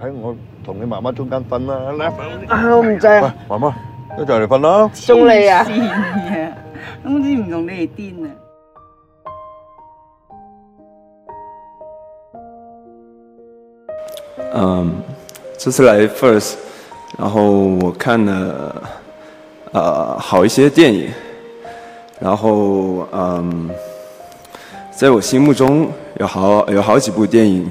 喺我同你媽媽中間瞓啦，啊，我唔知，喂，媽媽，一齊嚟瞓啦。中你啊！咁知唔同你哋癲啊？嗯，這次來 First，然後我看了，啊、呃，好一些電影，然後嗯，在我心目中有好有好幾部電影。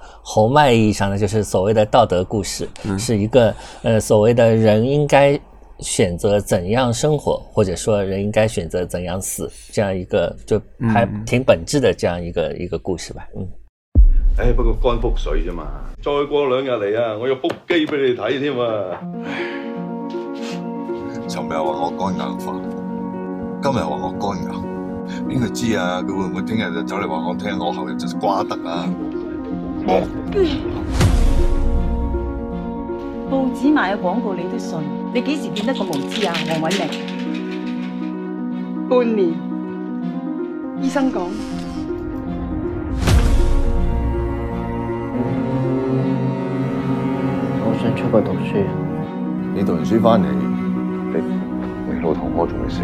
侯麥意義上呢，就是所謂的道德故事，嗯、是一個呃所謂的人應該選擇怎樣生活，或者說人應該選擇怎樣死這樣一個就還挺本質的這樣一個一個故事吧。嗯。哎，不過肝腹水啫嘛，再過兩日嚟啊，唉我要腹肌俾你睇添啊。尋日話我肝硬化，今日話我肝癌，邊個知啊？佢會唔會聽日就走嚟話我聽我後日就瓜得啊？Yeah. 嗯、報紙賣嘅廣告你都信？你幾時變得咁無知啊？黃偉明，半年。醫生講，我想出國讀書。你讀完書翻嚟，你你老同學仲未死。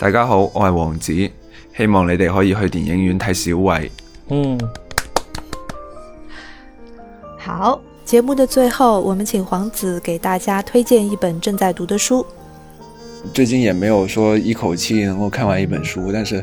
大家好，我係黃梓，希望你哋可以去電影院睇小偉。嗯，好。節目的最後，我們請黃梓給大家推薦一本正在讀的書。最近也沒有說一口氣能夠看完一本書，但是。